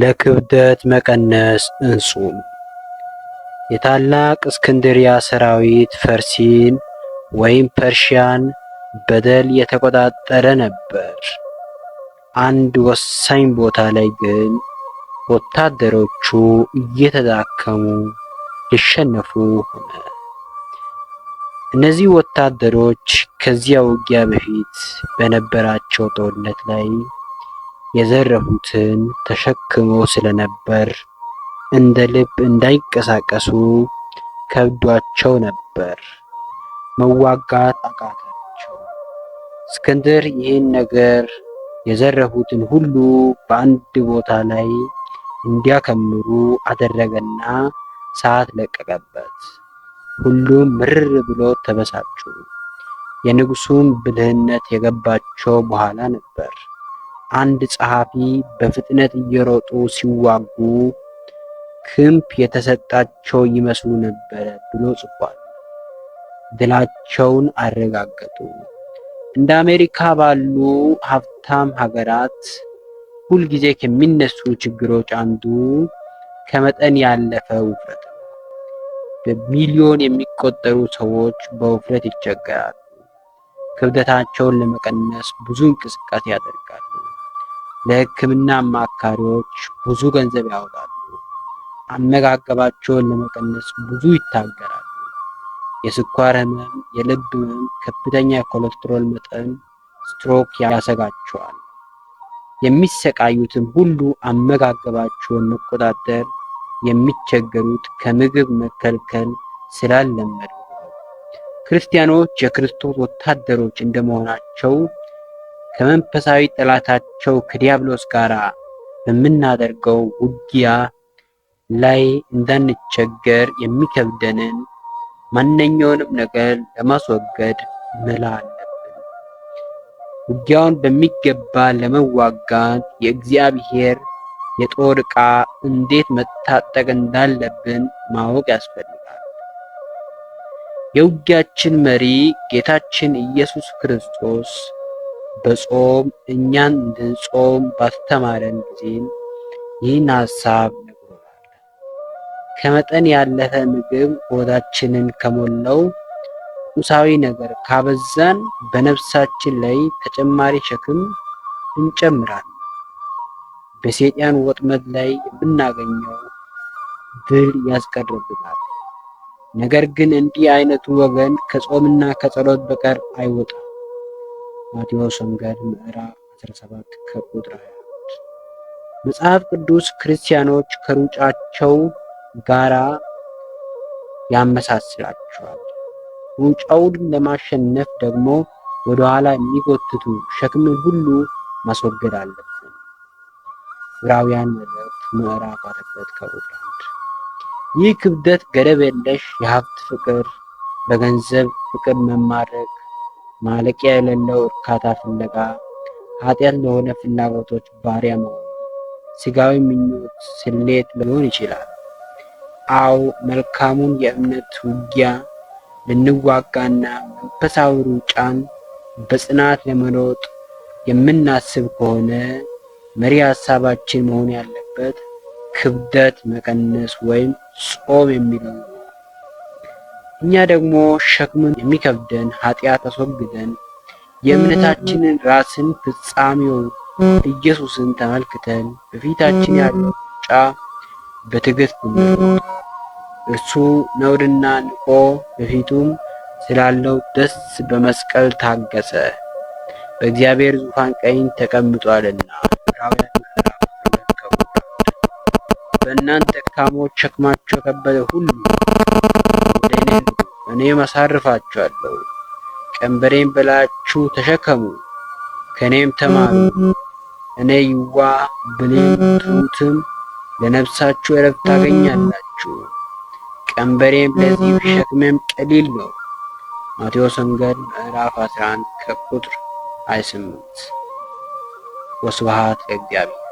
ለክብደት መቀነስ እንጹም። የታላቅ እስክንድሪያ ሰራዊት ፈርሲን ወይም ፐርሺያን በደል የተቆጣጠረ ነበር። አንድ ወሳኝ ቦታ ላይ ግን ወታደሮቹ እየተዳከሙ ሊሸነፉ ሆነ። እነዚህ ወታደሮች ከዚያ ውጊያ በፊት በነበራቸው ጦርነት ላይ የዘረፉትን ተሸክሞ ስለነበር እንደ ልብ እንዳይንቀሳቀሱ ከብዷቸው ነበር። መዋጋት አቃታቸው። እስክንድር ይህን ነገር የዘረፉትን ሁሉ በአንድ ቦታ ላይ እንዲያከምሩ አደረገና ሰዓት ለቀቀበት። ሁሉም ምርር ብሎ ተበሳጩ። የንጉሱን ብልህነት የገባቸው በኋላ ነበር። አንድ ጸሐፊ በፍጥነት እየሮጡ ሲዋጉ ክንፍ የተሰጣቸው ይመስሉ ነበረ ብሎ ጽፏል። ድላቸውን አረጋገጡ። እንደ አሜሪካ ባሉ ሀብታም ሀገራት ሁልጊዜ ከሚነሱ ችግሮች አንዱ ከመጠን ያለፈ ውፍረት ነው። በሚሊዮን የሚቆጠሩ ሰዎች በውፍረት ይቸገራሉ። ክብደታቸውን ለመቀነስ ብዙ እንቅስቃሴ ያደርጋሉ። ለሕክምና አማካሪዎች ብዙ ገንዘብ ያወጣሉ። አመጋገባቸውን ለመቀነስ ብዙ ይታገራሉ። የስኳር ህመም፣ የልብ ህመም፣ ከፍተኛ የኮሌስትሮል መጠን፣ ስትሮክ ያሰጋቸዋል። የሚሰቃዩትም ሁሉ አመጋገባቸውን መቆጣጠር የሚቸገሩት ከምግብ መከልከል ስላልለመዱ ክርስቲያኖች የክርስቶስ ወታደሮች እንደመሆናቸው ከመንፈሳዊ ጠላታቸው ከዲያብሎስ ጋር በምናደርገው ውጊያ ላይ እንዳንቸገር የሚከብደንን ማንኛውንም ነገር ለማስወገድ መላ አለብን። ውጊያውን በሚገባ ለመዋጋት የእግዚአብሔር የጦር ዕቃ እንዴት መታጠቅ እንዳለብን ማወቅ ያስፈልጋል። የውጊያችን መሪ ጌታችን ኢየሱስ ክርስቶስ በጾም እኛን እንድንጾም ባስተማረን ጊዜም ይህን ሀሳብ ነግሮናል። ከመጠን ያለፈ ምግብ ሆዳችንን ከሞላው ቁሳዊ ነገር ካበዛን በነፍሳችን ላይ ተጨማሪ ሸክም እንጨምራለን። በሴጣን ወጥመድ ላይ የምናገኘው ድል ያስቀርብናል። ነገር ግን እንዲህ አይነቱ ወገን ከጾምና ከጸሎት በቀር አይወጣም። ማቴዎስ ወንጌል ምዕራፍ 17 ከቁጥር 21። መጽሐፍ ቅዱስ ክርስቲያኖች ከሩጫቸው ጋራ ያመሳስላቸዋል። ሩጫውን ለማሸነፍ ደግሞ ወደኋላ የሚጎትቱ ሸክምን ሁሉ ማስወገድ አለብን። ዕብራውያን መልእክት ምዕራፍ ሁለት ከቁጥር 1 ይህ ክብደት ገደብ የለሽ የሀብት ፍቅር፣ በገንዘብ ፍቅር መማረክ ማለቂያ የሌለው እርካታ ፍለጋ ኃጢአት ለሆነ ፍላጎቶች ባሪያ መሆን ስጋዊ ምኞት ስሌት ሊሆን ይችላል። አው መልካሙን የእምነት ውጊያ ልንዋጋና መንፈሳዊ ሩጫን በጽናት ለመሮጥ የምናስብ ከሆነ መሪ ሀሳባችን መሆን ያለበት ክብደት መቀነስ ወይም ጾም የሚለው እኛ ደግሞ ሸክምን የሚከብደን ኃጢአት አስወግደን የእምነታችንን ራስን ፍጻሜው ኢየሱስን ተመልክተን በፊታችን ያለው ሩጫ በትዕግስት እርሱ ነውርና ንቆ በፊቱም ስላለው ደስ በመስቀል ታገሰ በእግዚአብሔር ዙፋን ቀኝ ተቀምጧልና። በእናንተ ድካሞች ሸክማቸው የከበደ ሁሉ እኔም አሳርፋችኋለሁ። ቀንበሬን ብላችሁ ተሸከሙ፣ ከእኔም ተማሩ። እኔ ይዋ ብሌን ትሑትም፣ ለነፍሳችሁ ዕረፍት ታገኛላችሁ። ቀንበሬም ለዚህ ሸክሜም ቀሊል ነው። ማቴዎስ ወንጌል ምዕራፍ 11 ከቁጥር 28። ወስብሐት ለእግዚአብሔር።